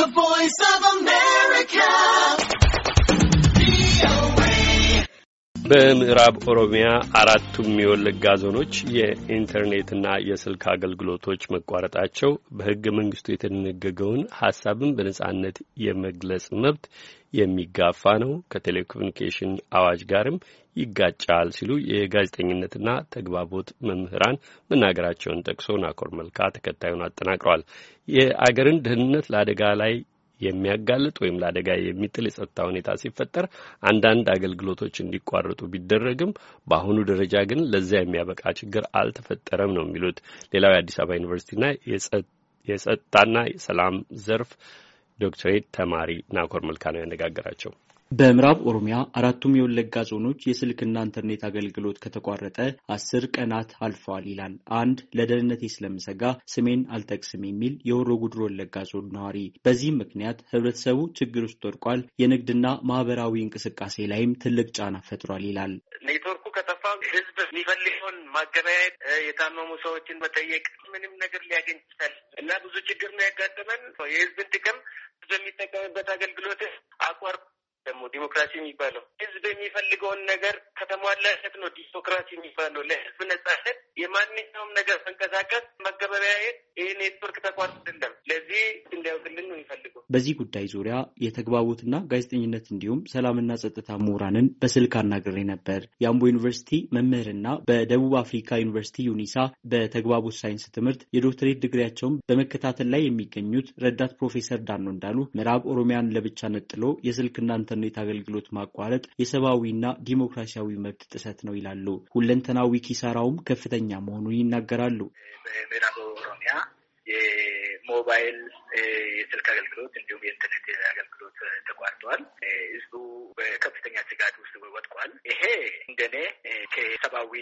The Voice of a man. በምዕራብ ኦሮሚያ አራቱም የወለጋ ዞኖች የኢንተርኔትና የስልክ አገልግሎቶች መቋረጣቸው በሕገ መንግስቱ የተደነገገውን ሀሳብን በነጻነት የመግለጽ መብት የሚጋፋ ነው፣ ከቴሌኮሙኒኬሽን አዋጅ ጋርም ይጋጫል ሲሉ የጋዜጠኝነትና ተግባቦት መምህራን መናገራቸውን ጠቅሶ ናኮር መልካ ተከታዩን አጠናቅሯል። የአገርን ደህንነት ለአደጋ ላይ የሚያጋልጥ ወይም ለአደጋ የሚጥል የጸጥታ ሁኔታ ሲፈጠር አንዳንድ አገልግሎቶች እንዲቋረጡ ቢደረግም በአሁኑ ደረጃ ግን ለዚያ የሚያበቃ ችግር አልተፈጠረም ነው የሚሉት ሌላው የአዲስ አበባ ዩኒቨርሲቲና የጸጥታና ሰላም ዘርፍ ዶክትሬት ተማሪ ናኮር መልካ ነው ያነጋገራቸው። በምዕራብ ኦሮሚያ አራቱም የወለጋ ዞኖች የስልክና ኢንተርኔት አገልግሎት ከተቋረጠ አስር ቀናት አልፈዋል ይላል አንድ ለደህንነቴ ስለምሰጋ ስሜን አልጠቅስም የሚል የሆሮ ጉድሮ ወለጋ ዞን ነዋሪ። በዚህም ምክንያት ህብረተሰቡ ችግር ውስጥ ወድቋል፣ የንግድና ማህበራዊ እንቅስቃሴ ላይም ትልቅ ጫና ፈጥሯል ይላል። ኔትወርኩ ከጠፋ ህዝብ የሚፈልገውን ማገበያየት፣ የታመሙ ሰዎችን መጠየቅ፣ ምንም ነገር ሊያገኝ ይችላል እና ብዙ ችግር ነው ያጋጠመን የህዝብን ጥቅም የሚጠቀምበት አገልግሎት አቋር ደግሞ ዲሞክራሲ የሚባለው ህዝብ የሚፈልገውን ነገር ከተሟላለት ነው። ዲሞክራሲ የሚባለው ለህዝብ ነጻነት የማንኛውም ነገር መንቀሳቀስ፣ መገበያየት ይህ ኔትወርክ ተቋር አይደለም። ለዚህ እንዲያውቅልን ነው የሚፈልገው። በዚህ ጉዳይ ዙሪያ የተግባቦትና ጋዜጠኝነት እንዲሁም ሰላምና ጸጥታ ምሁራንን በስልክ አናግሬ ነበር። የአምቦ ዩኒቨርሲቲ መምህርና በደቡብ አፍሪካ ዩኒቨርሲቲ ዩኒሳ በተግባቦት ሳይንስ ትምህርት የዶክትሬት ድግሪያቸውን በመከታተል ላይ የሚገኙት ረዳት ፕሮፌሰር ዳኖ እንዳሉ ምዕራብ ኦሮሚያን ለብቻ ነጥሎ የስልክና የኢንተርኔት አገልግሎት ማቋረጥ የሰብአዊና ዲሞክራሲያዊ መብት ጥሰት ነው ይላሉ። ሁለንተናዊ ኪሳራውም ከፍተኛ መሆኑን ይናገራሉ። ምዕራብ ኦሮሚያ ሞባይል የስልክ አገልግሎት እንዲሁም የኢንተርኔት አገልግሎት ተቋርጧል። ህዝቡ በከፍተኛ ስጋት ውስጥ ወጥቋል። ይሄ እንደኔ ከሰብአዊ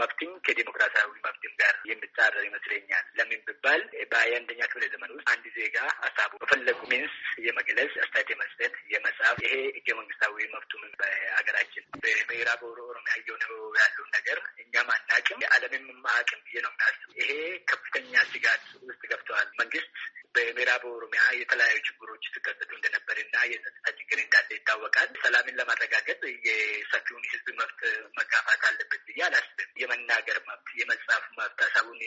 መብትም ከዲሞክራሲያዊ መብትም ጋር የሚጻረር ይመስለኛል። ለምን ብባል በአንደኛ ክፍለ ዘመን ውስጥ አንድ ዜጋ ሀሳቡ በፈለጉ ሚንስ የመግለጽ አስተያየት የመስጠት የመጻፍ ይሄ ህገ መንግስታዊ መብቱም በሀገራችን በምዕራብ ያየነው ያለው ነገር እኛም አናውቅም፣ ዓለምም ማቅም ብዬ ነው የማስበው። ይሄ ከፍተኛ ስጋት ውስጥ ገብተዋል። መንግስት በምዕራብ ኦሮሚያ የተለያዩ ችግሮች ሲከሰቱ እንደነበር እና የጸጥታ ችግር እንዳለ ይታወቃል። ሰላምን ለማረጋገጥ የሰፊውን ህዝብ መብት መጋፋት አለበት ብዬ አላስብም። የመናገር መብት፣ የመጻፍ መብት፣ ሀሳቡን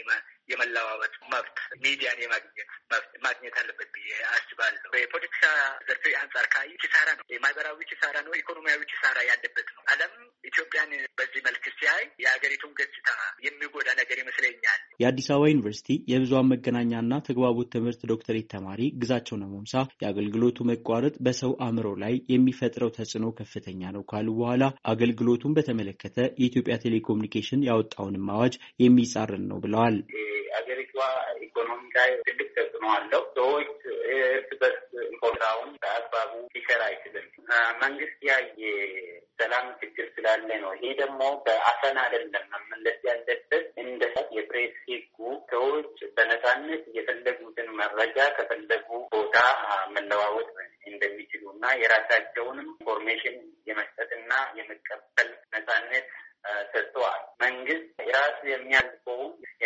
የመለዋወጥ መብት፣ ሚዲያን የማግኘት መብት ማግኘት አለበት ብዬ አስባለሁ። በፖለቲካ ዘርፍ አንጻር ካይ ኪሳራ ነው ማህበራዊ ኪሳራ ነው፣ ኢኮኖሚያዊ ኪሳራ ያለበት ነው። ዓለም ኢትዮጵያን በዚህ መልክ ሲያይ የሀገሪቱን ገጽታ የሚጎዳ ነገር ይመስለኛል። የአዲስ አበባ ዩኒቨርሲቲ የብዙሃን መገናኛና ተግባቦት ትምህርት ዶክተሬት ተማሪ ግዛቸው ነመምሳ የአገልግሎቱ መቋረጥ በሰው አእምሮ ላይ የሚፈጥረው ተጽዕኖ ከፍተኛ ነው ካሉ በኋላ አገልግሎቱን በተመለከተ የኢትዮጵያ ቴሌኮሙኒኬሽን ያወጣውንም አዋጅ የሚጻረን ነው ብለዋል። አገሪቷ ኢኮኖሚ ላይ ትልቅ ተጽዕኖ አለው። ሰዎች እርስ በርስ ኢኮኖሚውን በአግባቡ ሊሰራ አይችልም። መንግስት ያየ ሰላም ችግር ስላለ ነው። ይሄ ደግሞ በአፈና አይደለም መመለስ ያለበት። እንደ የፕሬስ ህጉ ሰዎች በነፃነት የፈለጉትን መረጃ ከፈለጉ ቦታ መለዋወጥ እንደሚችሉ እና የራሳቸውንም ኢንፎርሜሽን የመስጠትና የመቀበል ነፃነት ሰጥተዋል። መንግስት የራሱ የሚያልፎ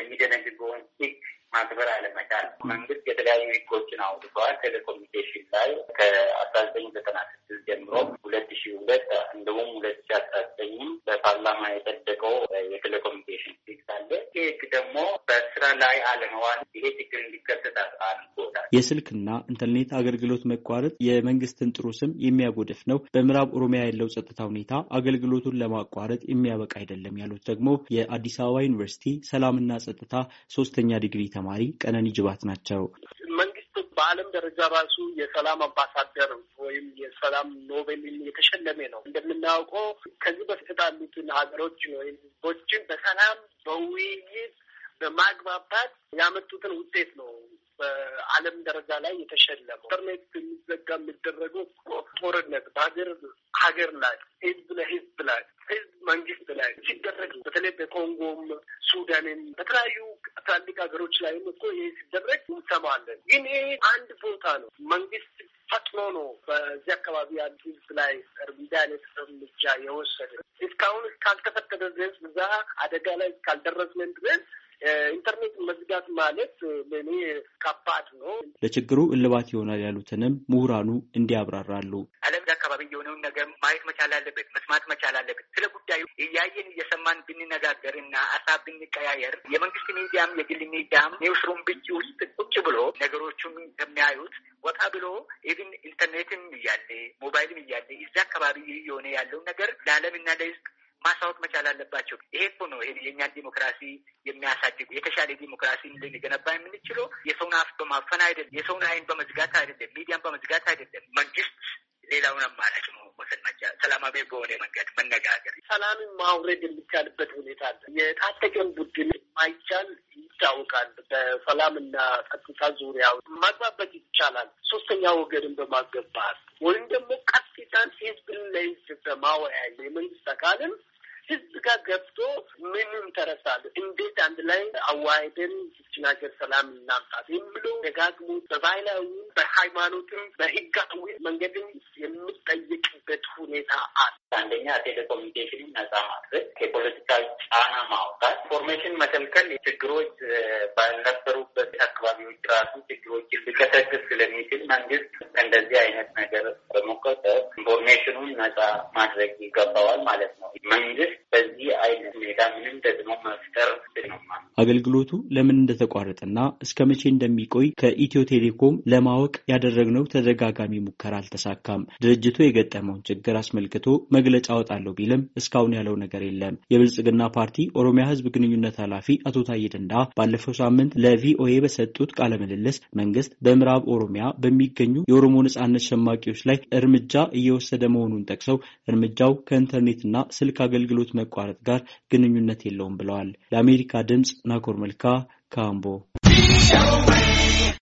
የሚደነግገውን ህግ ማክበር አለመቻል። መንግስት የተለያዩ ህጎችን አውጥተዋል። ቴሌኮሙኒኬሽን ላይ ከአስራ ዘጠኝ ዘጠና ስድስት ጀምሮ ሁለት ሺ ሁለት እንደውም ሁለት ሺ አስራ ዘጠኝም በፓርላማ የጸደቀው የቴሌኮሙኒኬሽን ህግ አለ። ይህ ህግ ደግሞ በ ላይ አለመዋል ይሄ ችግር እንዲከሰት አድርጎታል። የስልክና ኢንተርኔት አገልግሎት መቋረጥ የመንግስትን ጥሩ ስም የሚያጎድፍ ነው። በምዕራብ ኦሮሚያ ያለው ጸጥታ ሁኔታ አገልግሎቱን ለማቋረጥ የሚያበቃ አይደለም ያሉት ደግሞ የአዲስ አበባ ዩኒቨርሲቲ ሰላምና ጸጥታ ሶስተኛ ዲግሪ ተማሪ ቀነኒ ጅባት ናቸው። በዓለም ደረጃ ራሱ የሰላም አምባሳደር ወይም የሰላም ኖቤልን የተሸለመ ነው። እንደምናውቀው ከዚህ በፊት ያሉትን ሀገሮች ወይም ህዝቦችን በሰላም በውይይት በማግባባት ያመጡትን ውጤት ነው በዓለም ደረጃ ላይ የተሸለመው። ኢንተርኔት የሚዘጋ የሚደረገው ጦርነት በሀገር ሀገር ላይ ህዝብ ለህዝብ ላይ ህዝብ መንግስት ላይ ሲደረግ በተለይ በኮንጎም ሱዳንም በተለያዩ ትላልቅ ሀገሮች ላይም እኮ ይህ ሲደረግ እንሰማለን። ግን ይህ አንድ ቦታ ነው መንግስት ፈጥኖ ነው በዚህ አካባቢ ያሉ ህዝብ ላይ እርምጃ አይነት እርምጃ የወሰደ እስካሁን እስካልተፈቀደ ድረስ እዛ አደጋ ላይ እስካልደረስን ድረስ ኢንተርኔት መዝጋት ማለት ለእኔ ከባድ ነው። ለችግሩ እልባት ይሆናል ያሉትንም ምሁራኑ እንዲያብራራሉ። ዓለም አካባቢ የሆነውን ነገር ማየት መቻል አለበት፣ መስማት መቻል አለበት። ስለ ጉዳዩ እያየን እየሰማን ብንነጋገር እና አሳብ ብንቀያየር የመንግስት ሚዲያም የግል ሚዲያም ኒውስሩም ብቻ ውስጥ ቁጭ ብሎ ነገሮቹም ከሚያዩት ወጣ ብሎ ኢቭን ኢንተርኔትም እያለ ሞባይልም እያለ እዚ አካባቢ የሆነ ያለውን ነገር ለአለምና ለህዝብ ማሳወቅ መቻል አለባቸው። ይሄ እኮ ነው ይሄ የእኛን ዲሞክራሲ የሚያሳድጉ የተሻለ ዲሞክራሲ ልንገነባ የምንችለው የሰውን አፍ በማፈን አይደለም፣ የሰውን አይን በመዝጋት አይደለም፣ ሚዲያን በመዝጋት አይደለም። መንግስት ሌላውን አማራጭ ነው መውሰድ መቻል፣ ሰላማዊ በሆነ መንገድ መነጋገር፣ ሰላምን ማውረድ የሚቻልበት ሁኔታ አለ። የታጠቀን ቡድን ማይቻል ይታወቃል። በሰላምና ጸጥታ ዙሪያ ማግባባት ይቻላል። ሶስተኛ ወገንን በማገባት ወይም ደግሞ ቀጥታን ህዝብን ለህዝብ በማወያየ የመንግስት አካልን ህዝብ ጋር ገብቶ ምንም ተረሳለ እንዴት አንድ ላይ አዋህደን ይችን ሀገር ሰላም እናምጣት የሚሉ ደጋግሞ በባህላዊ በሃይማኖትም በህጋዊ መንገድም የምጠይቅበት ሁኔታ አለ። አንደኛ ቴሌኮሙኒኬሽንን ነጻ ማድረግ፣ የፖለቲካዊ ጫና ማውጣት፣ ኢንፎርሜሽን መከልከል ችግሮች ባልነበሩ አካባቢዎች ራሱ ችግሮችን ሊቀሰቅስ ስለሚችል መንግስት እንደዚህ አይነት ነገር በመቆጠብ ኢንፎርሜሽኑን ነጻ ማድረግ ይገባዋል ማለት ነው። መንግስት በዚህ አይነት ሁኔታ ምንም ደግሞ መፍጠር ነው። አገልግሎቱ ለምን እንደተቋረጠና እስከ መቼ እንደሚቆይ ከኢትዮ ቴሌኮም ለማወቅ ያደረግነው ተደጋጋሚ ሙከራ አልተሳካም። ድርጅቱ የገጠመውን ችግር አስመልክቶ መግለጫ አወጣለሁ ቢልም እስካሁን ያለው ነገር የለም። የብልጽግና ፓርቲ ኦሮሚያ ህዝብ ግንኙነት ኃላፊ አቶ ታዬ ደንዳ ባለፈው ሳምንት ለቪኦኤ በሰጡ በሰጡት ቃለ ምልልስ መንግስት በምዕራብ ኦሮሚያ በሚገኙ የኦሮሞ ነጻነት ሸማቂዎች ላይ እርምጃ እየወሰደ መሆኑን ጠቅሰው እርምጃው ከኢንተርኔትና ስልክ አገልግሎት መቋረጥ ጋር ግንኙነት የለውም ብለዋል። ለአሜሪካ ድምፅ ናኮር መልካ ካምቦ